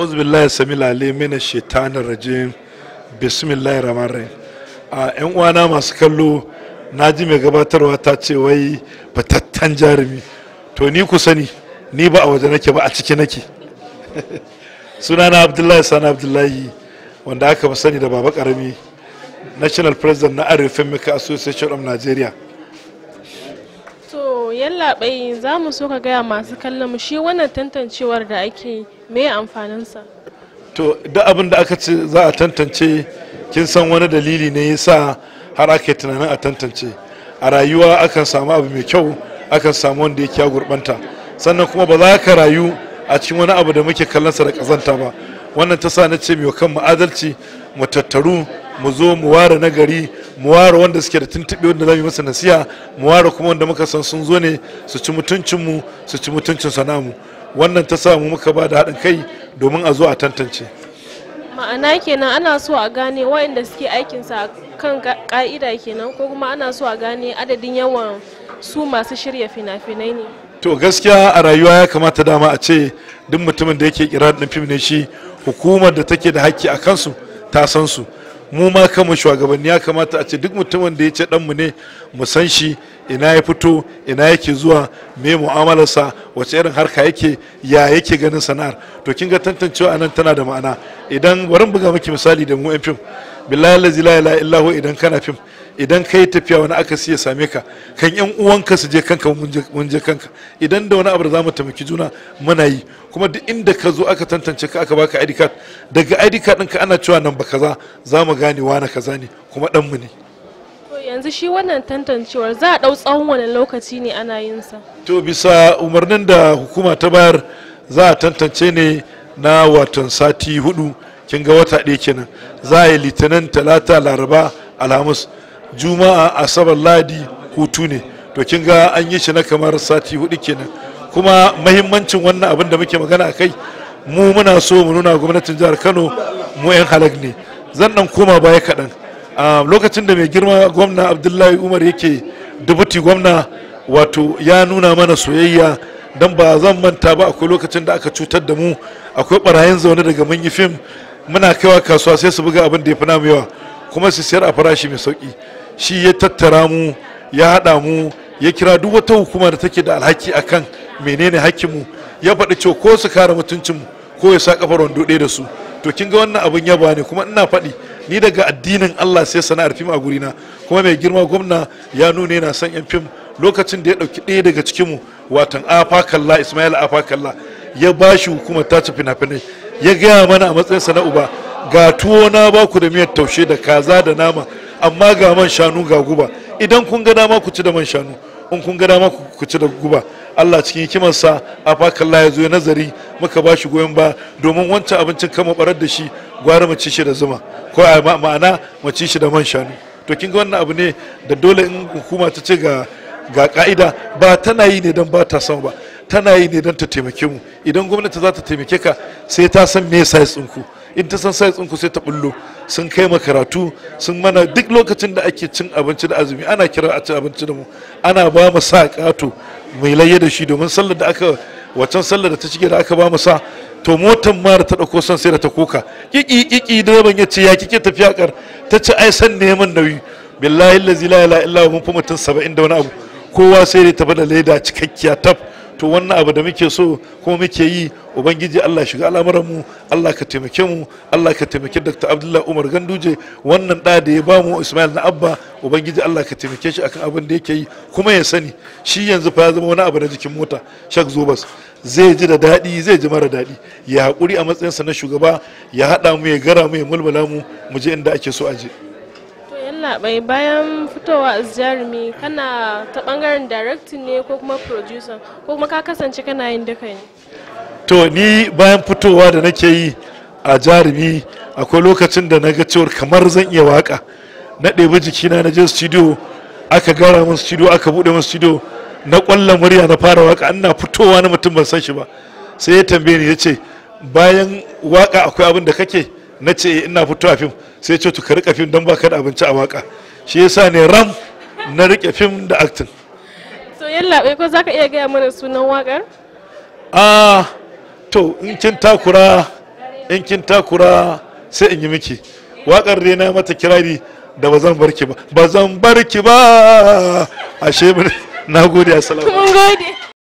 أعوذ بالله السميع العليم من الشيطان الرجيم بسم الله الرحمن الرحيم ƴan uwana masu kallo na ji mai gabatarwa ta ce wai fatattan jarumi to ni ku sani ni ba a waje nake ba a ciki nake sunana abdullahi sani abdullahi wanda aka ba sani da baba karami national president na arifin mika association of nigeria to yallaɓai za mu so ka gaya masu kallon mu shi wannan tantancewar da ake me amfaninsa to duk abin da aka ce za a tantance kin san wani dalili ne ya sa har aka yi tunanin a tantance a rayuwa akan samu abu mai kyau akan samu wanda yake ya gurbanta sannan kuma ba za ka rayu a cikin wani abu da muke kallonsa da kazanta ba wannan ta sa na ce mai kan mu adalci mu tattaru mu zo mu ware nagari mu ware wanda suke da tuntuɓe wanda za mu yi masa nasiya mu ware kuma wanda muka san sun zo ne su ci mutuncin mu su ci mutuncin sanamu wannan ta samu muka ba da haɗin kai domin a zo a tantance ma'ana kenan ana so a gane waɗanda suke aikinsa kan ka'ida kenan ko kuma ana so a gane adadin yawan su masu shirya fina-finai ne to gaskiya a rayuwa ya kamata dama a ce duk mutumin da yake kira ɗin fim ne shi hukumar da take da haƙƙi a kansu ta san su mu ma kama shugabanni ya kamata a ce duk mutumin da ya ce ɗanmu ne mu san shi ina ya fito ina yake zuwa me mu'amalarsa wace irin harka yake ya yake ganin sana'ar to kin ga tantancewa anan tana da ma'ana idan warin buga miki misali da mu yan fim billahi la ilaha idan kana fim idan kai tafiya wani aka siya same ka kan yan uwanka su je kanka mun je kanka idan da wani abu da zamu taimaki juna muna yi kuma duk inda ka zo aka tantance ka aka baka ID card daga ID card ɗinka ana cewa nan ba kaza zamu gane wani kaza ne kuma dan mu ne yanzu shi wannan tantancewar za a ɗau tsawon wani lokaci ne ana yin sa to bisa umarnin da hukuma ta bayar za a tantance ne na watan sati hudu kin ga wata ɗaya kenan za a yi litinin talata laraba alhamis juma'a asabar ladi hutu ne to kin ga an yi shi na kamar sati hudu kenan kuma mahimmancin wannan abin da muke magana a kai mu muna so mu nuna gwamnatin jihar kano mu 'yan halak ne zan dan koma baya kaɗan lokacin da mai girma gwamna abdullahi umar yake dubuti gwamna wato ya nuna mana soyayya don ba zan manta ba akwai lokacin da aka cutar da mu akwai barayin zaune daga mun yi fim muna kaiwa kasuwa sai su buga abin da ya fi namu yawa kuma su siyar a farashi mai sauki shi ya tattara mu ya haɗa mu ya kira duk wata hukuma da take da alhaki a kan menene hakkinmu ya faɗi cewa ko su kare mutuncinmu ko ya sa kafar wando ɗaya da su to kin ga wannan abin yaba ne kuma ina faɗi ni daga addinin Allah sai sana'ar fim a gurina kuma mai girma gwamna ya nuna yana son yan fim lokacin da ya ɗauki ɗaya daga cikinmu watan afa kalla ismail afa kalla ya ba shi hukumar ta ci fina ya gaya mana a matsayin sana uba ga tuwo na baku da miyar taushe da kaza da nama amma ga man shanu ga guba idan kun ga dama ku ci da man shanu in kun ga dama ku ci da guba Allah cikin hikimarsa afa kalla ya zo ya nazari muka ba shi goyon ba domin wancan abincin kama barar da shi gwara mu ci shi da zuma ko a ma'ana mu ci shi da man shanu to kin ga wannan abu ne da dole in hukuma ta ce ga ga ka'ida ba tana yi ne don ba ta sama ba tana yi ne don ta taimake mu idan gwamnati za ta taimake ka sai ta san me size tsinku in ta san sai tsinku sai ta bullo sun kai ma karatu sun mana duk lokacin da ake cin abinci da azumi ana kira a ci abinci da mu ana ba mu sa kato mai laye da shi domin sallar da aka waccan sallar da ta shige da aka ba sa to motan ma da ta dauko san sai da ta koka kiki kiki direban ya ce ya kike tafiya kar ta ce ai san neman nauyi billahi allazi la ilaha illa huwa mutum 70 da wani abu kowa sai dai ta bada leda cikakkiya tab to wannan abu da muke so kuma muke yi ubangiji Allah shiga al'amuran mu Allah ka taimake mu Allah ka taimake Dr. Abdullah Umar Ganduje wannan da da ya bamu Ismail na Abba ubangiji Allah ka taimake shi akan abin da yake yi kuma ya sani shi yanzu fa ya zama wani abu na jikin mota Shak Zobas zai ji da daɗi zai ji mara daɗi ya haƙuri a matsayinsa na shugaba ya haɗa mu ya gara mu ya mulmula mu mu je inda ake so a je. bai bayan fitowa as jarumi kana ta bangaren directing ne ko kuma producer ko kuma ka kasance kana yin duka ne? To ni bayan fitowa da nake yi a jarumi akwai lokacin da na ga cewar kamar zan iya waka na ɗebi jikina na je studio aka gara min studio aka buɗe min studio na ƙwallon murya na fara waka ina fitowa na mutum ban san shi ba sai ya tambaye ni ya ce bayan waka akwai abin da kake na ce ina fito a fim sai ce ka rika fim don baka da abinci a waka shi yasa ne ram na rike fim da acting to yallaɓe ko zaka iya gaya mana sunan wakar ah to in kin takura in kin takura sai in yi miki wakar dai na mata kirari da ba zan barki ba ba zan barki ba ashe na gode assalamu mun gode